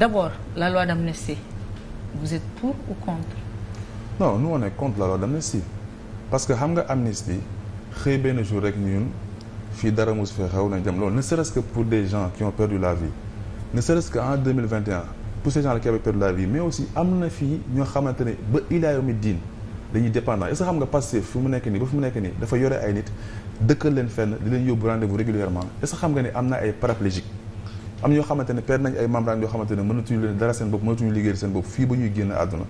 D'abord, la loi d'amnistie, vous êtes pour ou contre Non, nous on est contre la loi d'amnistie. Parce que xam nga amnistie xëy benn jour rek ñun fii dara mos fi xew nañ dem loolu ne serait-ce que pour des gens qui ont perdu la vie ne serait-ce pour ces gens qui avaient perdu la vie mais aussi am na fii ñoo xamante ne ba ilaa yomi diin dañuy dépendant est-ce xam nga Pastef fi mu nekk nii ba fi mu nekk nii dafa yore ay nit dëkkal leen fenn di leen yóbbu rendez-vous régulièrement est xam nga ne am na ay paraplégiques am ñoo xamante ne perd nañ ay membranes yoo xamante ne mënatuñu leen dara seen bopp mënatuñu liggéeyal seen bopp fii ba ñuy génn àdduna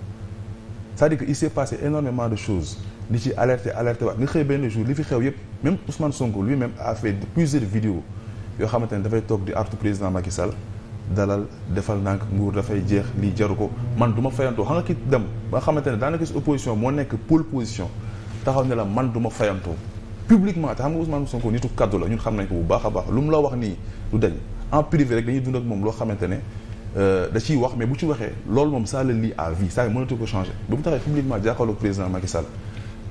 c'est-à-dire que il s'est passé énormément de choses ni ci alerté alerté waat nga xëy benn jour li fi xew yëpp même Ousmane Sonko lui-même a fait plusieurs vidéos yoo xamante ne dafay toog di artu président Macky Sall dalal defal nank mbuur dafay jeex lii jaru ko man du ma fayantoo xam nga ki dem ba nga xamante ne daanaka si opposition moo nekk pôle position taxaw ne la man du ma fayantoo publiquement te xam nga Ousmane Sonko nitu kaddu xam nañ ko bu baax a baax lu mu la wax nii du dañ en privé rek dañuy dund ak moom loo xamante ne euh, da wax mais bu ci waxee loolu moom ça la lie à vie ça mënatu ko changer ba mu taxee publiquement jàkkaarloog président Macky Sall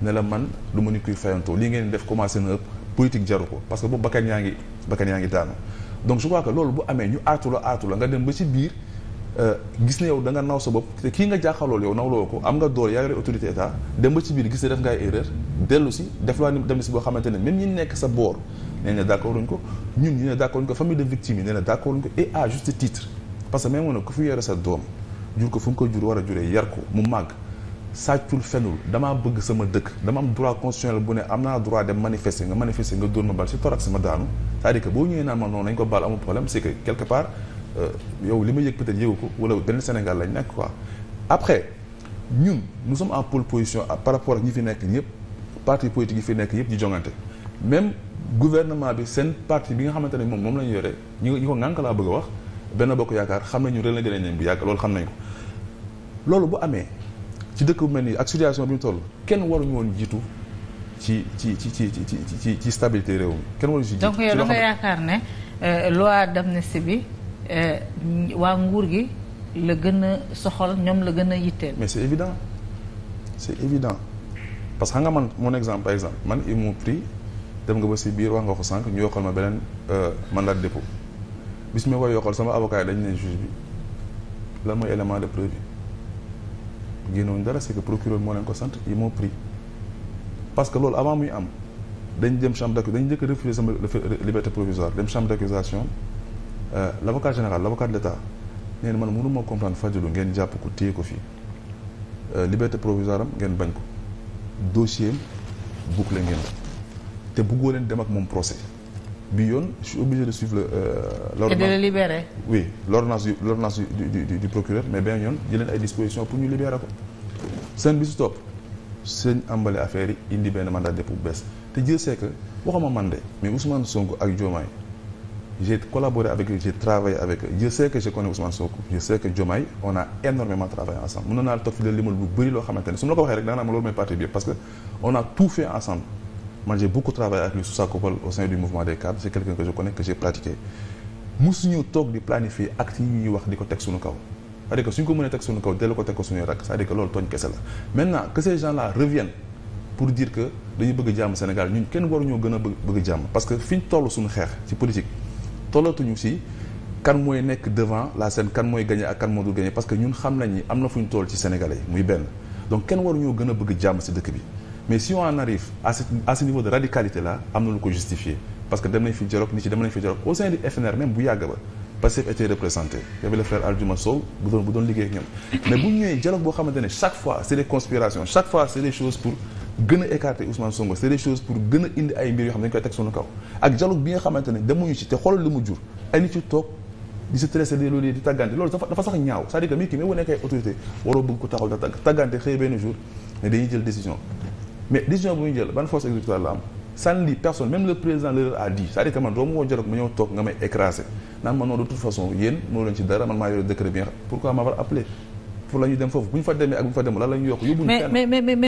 man du ma ni kuy fayantoo lii ngeen def commencé na ëpp politique jaru ko parce que boobu bakkan yaa ngi bakkan yaa ngi daanu donc je crois que loolu bu amee ñu aatu la aatu la nga dem ba ci biir euh, gis ne yow da nga naw sa bopp te kii nga jàkkaarlool yow nawloo ko am nga doole yaa ngi autorité état dem ci biir gis ne def nga dellu si def laa dem si boo xamante ne même ñi nekk sa boor nee na d' ko ñun ñu ne d' accord uñ ko famille de victimes yi nee na d' accord uñ ko et à juste titre parce que même moo ne ku fi yore sa doom jur ko fu nga ko jur war a juree yar ko mu màgg sàccul fenul damaa bëgg sama dëkk dama am droit constitutionnel bu ne am naa droit dem manifester nga manifester nga dóor ma bal si torak si ma daanu c'est-à-dire que boo ñëwee naan ma noonu nañ ko baal amul problème c'est quelque part euh, yow li ma yëg peut-être yëgu ko wala benn Sénégal lañ nekk quoi après ñun nous sommes en pole position par rapport ak ñi fi nekk ñëpp parti politique yi fi nekk yëpp di jongante même gouvernement bi seen parti bi nga xamante ne moom moom la ñu yore ñu ñu ko ngànk laa bëgg a wax benn bokk yaakaar xam nañu ren la jëlee a bu yàgg loolu xam nañ ko loolu bu amee ci dëkk bu mel nii ak situation bi ñu toll kenn waruñu woon jiitu ci ci ci ci ci ci stabilité réew mi kenn waruñu si jiitu donc yow da nga yaakaar ne euh, loi d'amnistie bi euh, waa nguur gi la gën a soxal ñoom la gën a yitteel mais c'est évident c'est évident parce que xam nga man mon exemple par exemple man ils m'ont pris dem nga ba si biir wax nga ko sànq ñu yokkal ma beneen euh, mandat de dépôt bis mi koy yokkal sama avocat yi dañ ne juge bi lan mooy élément de preuve bi génnewuñ dara c'est que procureur moo leen ko sant yi moo pris parce que loolu avant muy am dañ jëm chambre d'accusation dañ njëkk a refuser sama euh, liberté provisoire dem chambre d'accusation euh, l'avocat général l'avocat de l'État nee na man mënu ma comprendre Fadilou ngeen jàpp ko téye ko fii liberté provisoire am ngeen bañ ko dossier ngeen te bëggoo leen dem ak moom procès bi yoon je suis obligé de suivre le. Euh, l'ordonnance et de le libérer. oui l'ordonnance du l'ordonnance du du procureur mais benn yoon jëleen ay dispositions pour ñu libérer ko. seen bi su topp seen ambale affaire yi indi benn mandat de dépôt bu bees te Dieu sait que waxuma man de mais Ousmane Sonko ak Diomaye j'ai collaboré avec eux j'ai travaillé que connais Ousmane Sonko je sais que Diomaye énormément travaillé ensemble mënoon naa la toog fi la limal bu bëri loo xamante su ma la man j'ai beaucoup travaillé avec lui sous sa coupole au sein du mouvement des cadres c'est quelqu'un que je connais que j'ai pratiqué musuñu toog di planifier acte yi ñuy wax di ko teg suñu kaw cest que suñ ko mënee teg suñu kaw delloo ko teg ko suñuy rakk c'est-à-dire que loolu tooñ kese la maintenant que ces gens là reviennent pour dire que dañu bëgg jàmm Sénégal ñun kenn waruñoo gën a bëgg jàmm parce que fi ñu toll suñu xeex ci politique tollatuñu si kan mooy nekk devant la scène kan mooy gagné ak kan moo dul gagné parce que ñun xam nañ ni am na fu ñu ci Sénégalais yi muy benn kenn waruñoo gën a bëgg jàmm si dëkk bi mais si on en arrive à ce à ce niveau de radicalité là am na lu ko justifier parce que dem nañ fi dialogue nit ci dem nañ fi dialogue au sein du FNR même bu yàgg ba Pastef était représenté y avait le frère Aldiouma bu doon liggéey ak ñoom mais bu ñëwee dialogue boo xamante ne chaque fois c'est des conspirations chaque fois c'est des choses pour gën a écarter Ousmane Sonko c'est des choses pour gën a indi ay mbir yoo xam ne dañu koy teg sunu kaw ak dialogue bi nga xamante mais décision bu ñu jël ban force exécutoire la am sànni personne même le président leur a dit c'est-à-dire que man doo ma woo ñëw toog nga may écrasé naan man non de toute façon yéen mënu leen ci dara man maa yore décret bi nga xam pourquoi m'avoir appelé pour la dem foofu bu ñu fa demee ak bu ñu fa demul lan la ñuy yokk yóbbuñu kenn